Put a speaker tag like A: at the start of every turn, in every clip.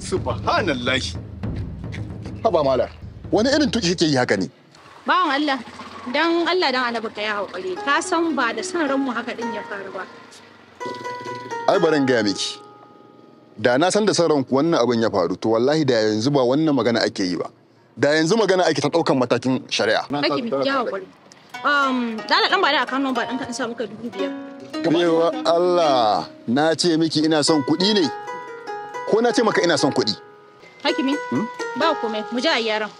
A: Subhanallah. haba mala wani irin tuki kike yi haka ne
B: bawan Allah dan Allah dan annabi ka ya hakuri ka san ba da san ranmu haka din ya
A: faru ba ai barin gaya miki da na san da san ranku wannan abin ya faru to wallahi da yanzu ba wannan magana ake yi ba da yanzu magana ake ta daukan matakin shari'a nake miki ya
B: hakuri um dala dan ba da nan ba dan ka isa muka dubu biyar
A: Allah na ce miki ina son kuɗi ne ko na ce maka ina son kuɗi
B: hakimi hmm? ba komai mu ji a yaran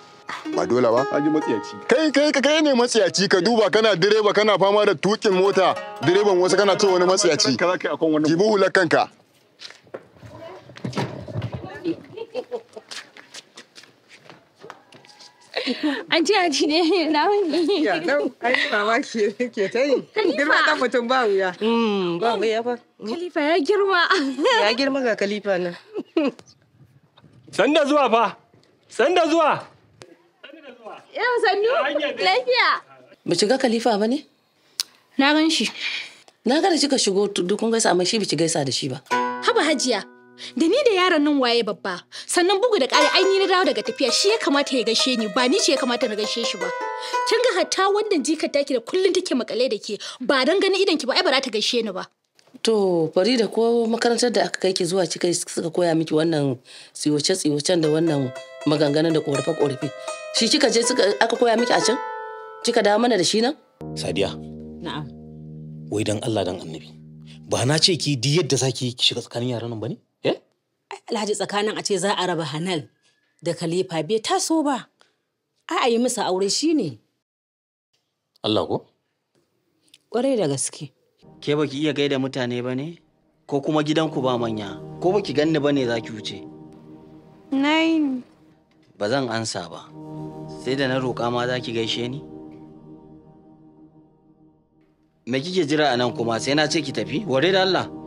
A: ba dole ba haji matsiyaci kai kai ka kai ne matsiyaci ka duba kana direba kana fama da tukin mota direban wasu kana ce wani matsiyaci ki bi hular kanka
B: An ce aji ne na wani. Ya nan ai mamaki ke ta yi. Girma ta mutum ba wuya.
A: Hmm, ba
B: wuya ba. Khalifa ya girma. Ya girma ga Khalifa nan.
A: Sanda zuwa fa. Sanda zuwa. Yau sandu
B: Lafiya. Ba shiga Khalifa ba ne? Na gan shi. Na ga kika shigo dukun gaisa amma shi bici gaisa da shi ba. Haba Hajiya, da ni da yaron nan waye babba, sannan bugu da ƙari ai ni na dawo daga tafiya shi ya kamata ya gaishe ni ba ni ce ya kamata na gaishe shi ba. Kin ga hatta wannan jikar taki da kullun take makale da ke ba dan ganin idan ki ba ai ba za ta gaishe ni ba. To Farida ko makarantar da aka kai ki zuwa kika suka koya miki wannan tsiwace tsiwacen da wannan maganganun da korafe korafe. Shi kika je suka aka koya miki a can? Kika dawo mana da shi nan?
A: Sadiya. Na'am. Wai dan Allah dan Annabi. Ba na ce ki di yadda zaki ki shiga tsakanin yaran nan bane? Eh?
B: Alhaji tsakanin a ce za a raba Hanal da Khalifa bai taso ba. A yi musu aure shine. Allah ko? kware da gaske. Ke baki iya gaida mutane ba ne? Ko kuma gidanku ba manya? Ko baki ganni ba ne za ki wuce?
A: Nine.
B: Ba zan ansa ba. Sai da na roƙa ma za ki gaishe ni? Me kike jira a nan kuma sai na
A: ce ki tafi? Ware da Allah.